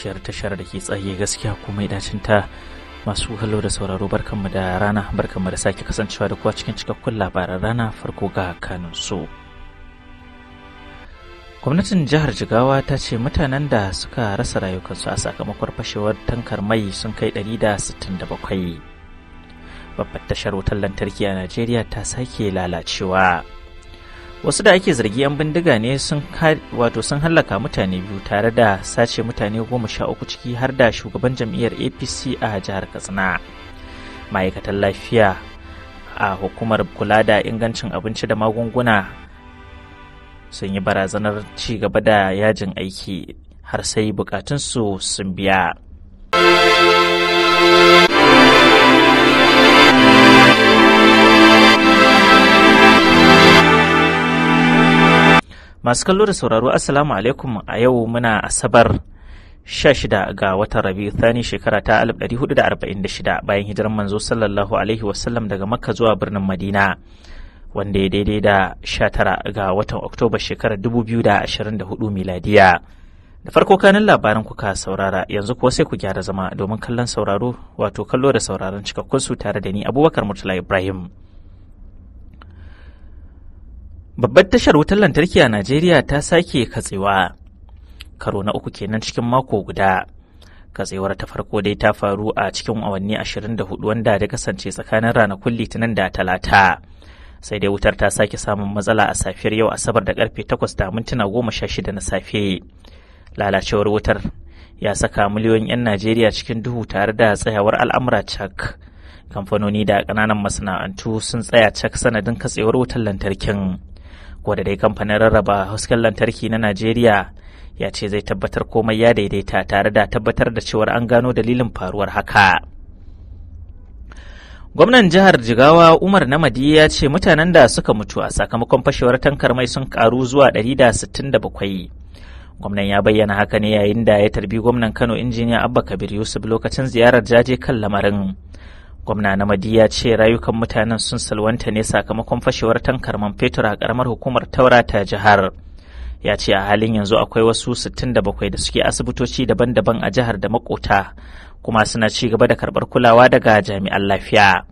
tashar tashar da ke tsaye gaskiya kuma idacin ta masu hallo da sauraro barkanmu da rana barkanmu da sake kasancewa da kuwa cikin cikakkun labaran rana farko ga kanun su gwamnatin jihar jigawa ta ce mutanen da suka rasa rayukansu a sakamakon fashewar tankar mai sun kai 167 babbar tashar wutar lantarki a najeriya ta sake lalacewa wasu da ake zargi 'yan bindiga ne sun wato sun hallaka mutane biyu tare da sace mutane goma sha uku ciki har da shugaban jam'iyyar apc a jihar katsina ma'aikatan lafiya a hukumar kula da ingancin abinci da magunguna sun yi barazanar ci gaba da yajin aiki har sai bukatunsu sun biya Masu kallo da sauraro Assalamu alaikum a yau muna Asabar 16 ga watan Rabi Thani shekara ta 1446 bayan hijirar manzo sallallahu alaihi wasallam daga Makka zuwa birnin Madina wanda ya daidai da 19 ga watan Oktoba shekarar 2024 miladiya. Da farko kanin labaran kuka saurara yanzu kuwa sai ku gyara zama domin kallon sauraro wato kallo da sauraron cikakkun su tare da ni Abubakar Murtala Ibrahim. babbar tashar wutar lantarki a najeriya ta sake katsewa karo na uku kenan cikin mako guda katsewar ta farko dai ta faru a cikin awanni 24 wanda da kasance tsakanin ranakun litinin da talata sai dai wutar ta sake samun matsala a safiyar yau asabar da karfe 8 da mintuna 16 na safe lalacewar wutar ya saka miliyoyin 'yan najeriya cikin duhu tare da tsayawar al'amura cak kamfanoni da kananan masana'antu sun tsaya cak sanadin katsewar wutar lantarkin ko dai kamfanin rarraba hasken lantarki na najeriya ya ce zai tabbatar komai ya daidaita tare da tabbatar da cewar an gano dalilin faruwar haka gwamnan jihar jigawa umar namadi ya ce mutanen da suka mutu a sakamakon fashewar tankar mai sun karu zuwa 167 gwamnan ya bayyana haka ne yayin da ya tarbi gwamnan kano injiniya abba kabir yusuf lokacin ziyarar jaje kan lamarin gwamna namadi ya ce rayukan mutanen sun salwanta ne sakamakon fashewar tankar man fetur a karamar hukumar taura ta jihar ya ce a halin yanzu akwai wasu 67 da suke asibitoci daban-daban a jihar da makota kuma suna ci gaba da karbar kulawa daga jami'an lafiya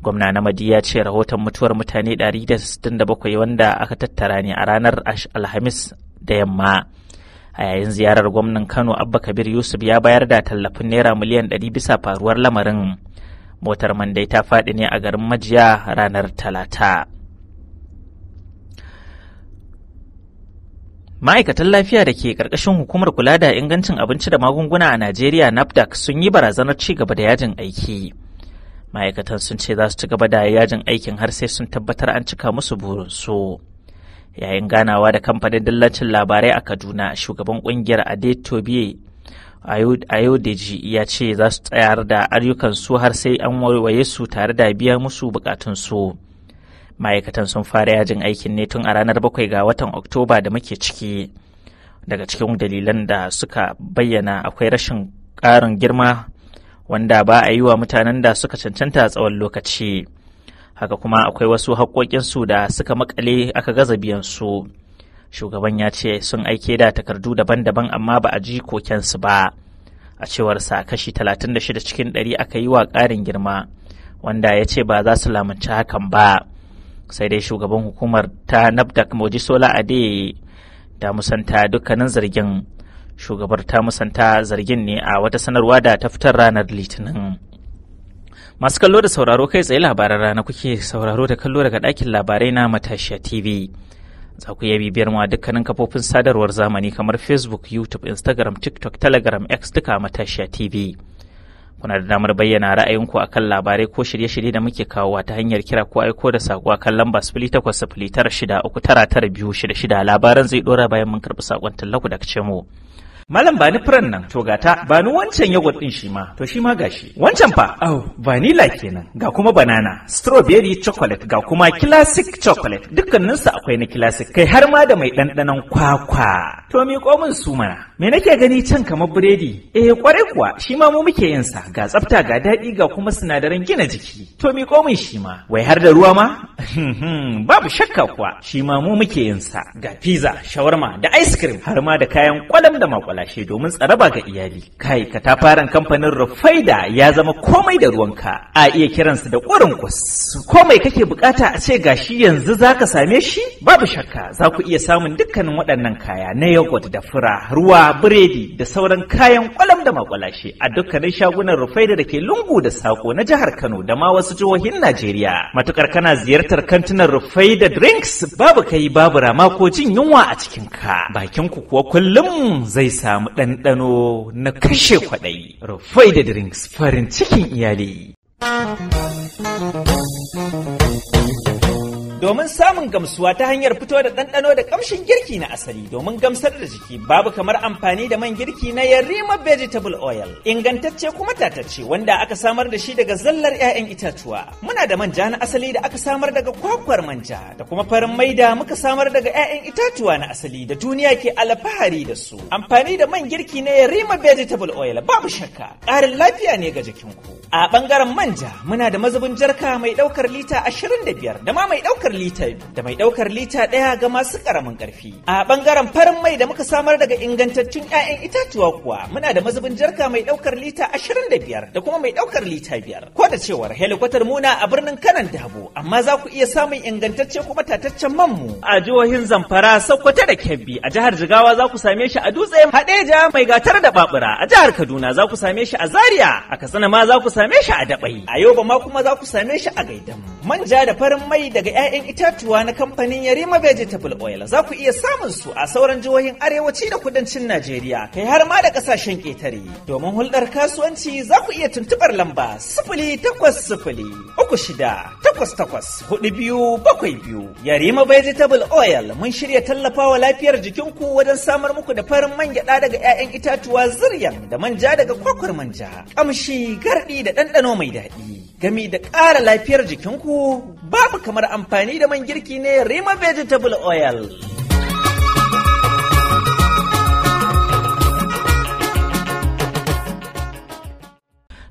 gwamna namadi ya ce rahoton mutuwar mutane 167 wanda aka tattara ne a ranar alhamis da yamma a yayin ziyarar gwamnan kano abba kabir yusuf ya bayar da tallafin naira miliyan 100 bisa faruwar lamarin motar mandai ta faɗi ne a garin majiya ranar talata ma'aikatan lafiya da ke ƙarƙashin hukumar kula da ingancin abinci da magunguna a najeriya nafdac sun yi barazanar ci gaba da yajin aiki ma'aikatan sun ce za su ci gaba da yajin aikin har sai sun tabbatar an cika musu burinsu yayin ganawa da kamfanin dillacin labarai a kaduna shugaban ƙungiyar Adetobi. a yau da ji ya ce za su tsayar da su har sai an warware su tare da biya musu bukatun su ma'aikatan sun fara yajin aikin ne tun a ranar bakwai ga watan oktoba da muke ciki daga cikin dalilan da suka bayyana akwai rashin ƙarin girma wanda ba a yi wa mutanen da suka cancanta tsawon lokaci haka kuma akwai wasu haƙoƙinsu da suka makale aka gaza biyan su. shugaban ya ce sun aike da takardu daban-daban amma ba a ji kokensu ba a cewar sa kashi 36 cikin 100 aka yi wa karin girma wanda ya ce ba za su lamunci hakan ba sai dai shugaban hukumar ta nafdak mojisola ade ta musanta dukkanin zargin shugabar ta musanta zargin ne a wata sanarwa da ta fitar ranar litinin masu kallo da sauraro kai tsaye labaran rana kuke sauraro da kallo daga ɗakin labarai na matashiya tv Za ku iya bibiyar mu a dukkanin kafofin sadarwar zamani kamar Facebook, YouTube, Instagram, TikTok, Telegram, X duka matashiya TV. Kuna da damar bayyana ra'ayinku akan labarai ko shirye-shirye da muke kawowa ta hanyar kira ko aiko da saƙo akan lamba sifili takwas sifili tara shida uku tara tara biyu shida shida labaran zai ɗora bayan mun karɓi saƙon tallaku daga mu. Malam bani furen nan to gata ba ni wancan yogurt din shi ma to shi ma gashi. Wancan fa oh vanilla kenan ga kuma banana strawberry chocolate ga kuma classic chocolate dukkanin su akwai na classic kai har ma da mai ɗanɗanon kwakwa. To mi komin su mana. Me nake gani can kamar biredi? Eh kwarai kuwa shi ma mu muke yin sa ga tsafta ga daɗi ga kuma sinadaran gina jiki. To mi komin shi ma wai har da ruwa ma Babu shakka kuwa shi ma mu muke yin sa ga pizza, shawarma da ice cream har ma da kayan kwalam da makwalashe domin tsaraba ga iyali. Kai ka tafaran kamfanin Rufaida ya zama komai da ruwanka a iya kiransu da ƙwarin kus. Komai kake bukata a ce gashi yanzu zaka same shi? Babu shakka za ku iya samun dukkanin waɗannan kaya na yogurt da fura, ruwa, biredi da sauran kayan kwalam da makwalashe a dukkanin shagunan Rufaida da ke lungu da sako na jihar Kano da ma wasu jihohin Najeriya. Matukar kana ziyartar kantunan Rufaida drinks babu kai babu rama ko jin yunwa a cikin ka. Bakin ku kuwa kullum zai samu ɗanɗano na kashe kwaɗayi. Rufaida drinks farin cikin iyali. domin samun gamsuwa ta hanyar fito da ɗanɗano da ƙamshin girki na asali domin gamsar da jiki babu kamar amfani da man girki na yarima vegetable oil ingantacce kuma tatacce wanda aka samar da shi daga zallar 'ya'yan itatuwa muna da manja na asali da aka samar daga kwakwar manja da kuma farin maida muka samar daga 'ya'yan itatuwa na asali da duniya ke alfahari da su amfani da man girki na yarima vegetable oil babu shakka ƙarin lafiya ne ga jikinku a ɓangaren manja muna da mazubin jarka mai ɗaukar lita 25 da ma mai ɗaukar ɗaukar lita da mai ɗaukar lita ɗaya ga masu ƙaramin ƙarfi. A ɓangaren farin mai da muka samar daga ingantattun 'ya'yan itatuwa kuwa muna da mazubin jarka mai ɗaukar lita ashirin da biyar da kuma mai ɗaukar lita biyar. Ko da cewar helikwatar na a birnin Kanan Dabo amma za ku iya samun ingantacce kuma tataccen man mu a jihohin Zamfara, Sokoto da Kebbi a jihar Jigawa za ku same shi a dutse haɗe ja mai gatar da Babura a jihar Kaduna za ku same shi a Zaria a Katsina ma za ku same shi a Dabai a Yoba ma kuma za ku same shi a Gaidam. Manja da farin mai daga 'ya'yan 'ya'yan itatuwa na kamfanin Yarima Vegetable Oil za ku iya samun su a sauran jihohin arewaci da kudancin Najeriya kai har ma da ƙasashen ƙetare. Domin hulɗar kasuwanci za ku iya tuntuɓar lamba sifili takwas sifili uku shida takwas takwas hudu biyu bakwai biyu. Yarima Vegetable Oil mun shirya tallafawa lafiyar jikinku wajen samar muku da farin man gyaɗa daga 'ya'yan itatuwa zuriyan da manja daga kwakwar manja. Ƙamshi garɗi da ɗanɗano mai daɗi. gami da ƙara lafiyar jikinku babu kamar amfani da man girki ne Rima Vegetable Oil.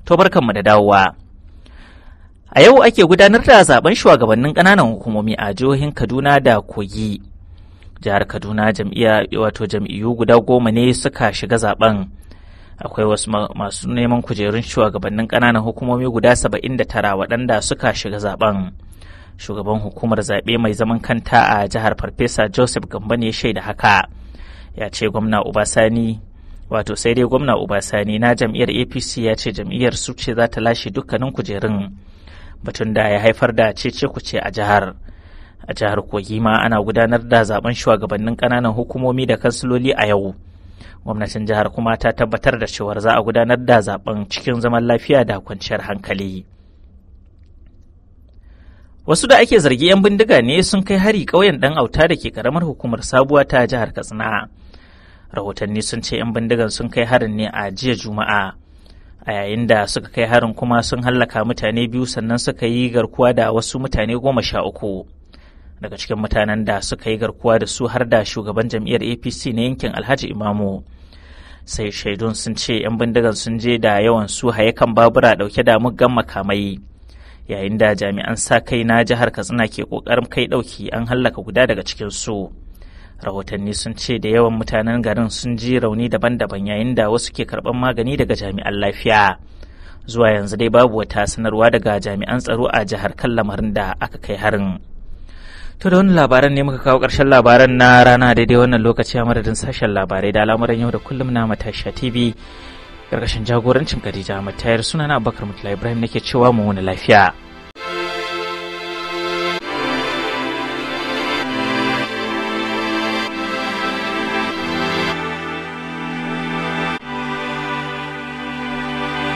To barkanmu da dawowa. A yau ake gudanar da zaben shugabannin ƙananan hukumomi a jihohin Kaduna da Kogi. Jihar Kaduna jam'iyya wato jam'iyyu guda goma ne suka shiga zaben. akwai wasu masu neman kujerun shugabannin ƙananan hukumomi guda saba'in da tara waɗanda suka shiga zaben shugaban hukumar zaɓe mai zaman kanta a jihar farfesa joseph gamba ya shaida haka ya ce gwamna ubasani wato sai dai gwamna ubasani na jam'iyyar apc ya ce jam'iyyar su ce za ta lashe dukkanin kujerun batun da ya haifar da cece kuce a jihar a jihar kogi ma ana gudanar da zaben shugabannin ƙananan hukumomi da kansiloli a yau gwamnatin jihar kuma ta tabbatar da cewar za a gudanar da zaben cikin zaman lafiya da kwanciyar hankali wasu da ake zargi 'yan bindiga ne sun kai hari ƙauyen ɗan auta da ke ƙaramar hukumar sabuwa ta jihar katsina rahotanni sun ce 'yan bindigan sun kai harin ne a jiya juma'a a yayin da suka kai harin kuma sun hallaka mutane biyu sannan suka yi garkuwa da wasu mutane goma sha uku daga cikin mutanen da suka yi garkuwa da su har da shugaban jam'iyyar apc na yankin alhaji imamu sai shaidun sun ce 'yan bindigan sun je da yawan su hayakan babura dauke da muggan makamai yayin da jami'an sa kai na jihar katsina ke kokarin kai dauki an hallaka guda daga cikin su rahotanni sun ce da yawan mutanen garin sun ji rauni daban-daban yayin da wasu ke karban magani daga jami'an lafiya zuwa yanzu dai babu wata sanarwa daga jami'an tsaro a jihar kan lamarin da aka kai harin To da wannan labaran ne muka kawo ƙarshen labaran na rana daidai wannan lokaci a madadin sashen labarai da al'amuran yau da kullum na matasha TV ƙarƙashin jagorancin Khadija Matayar sunana Abubakar Mutula Ibrahim nake cewa mu wani lafiya.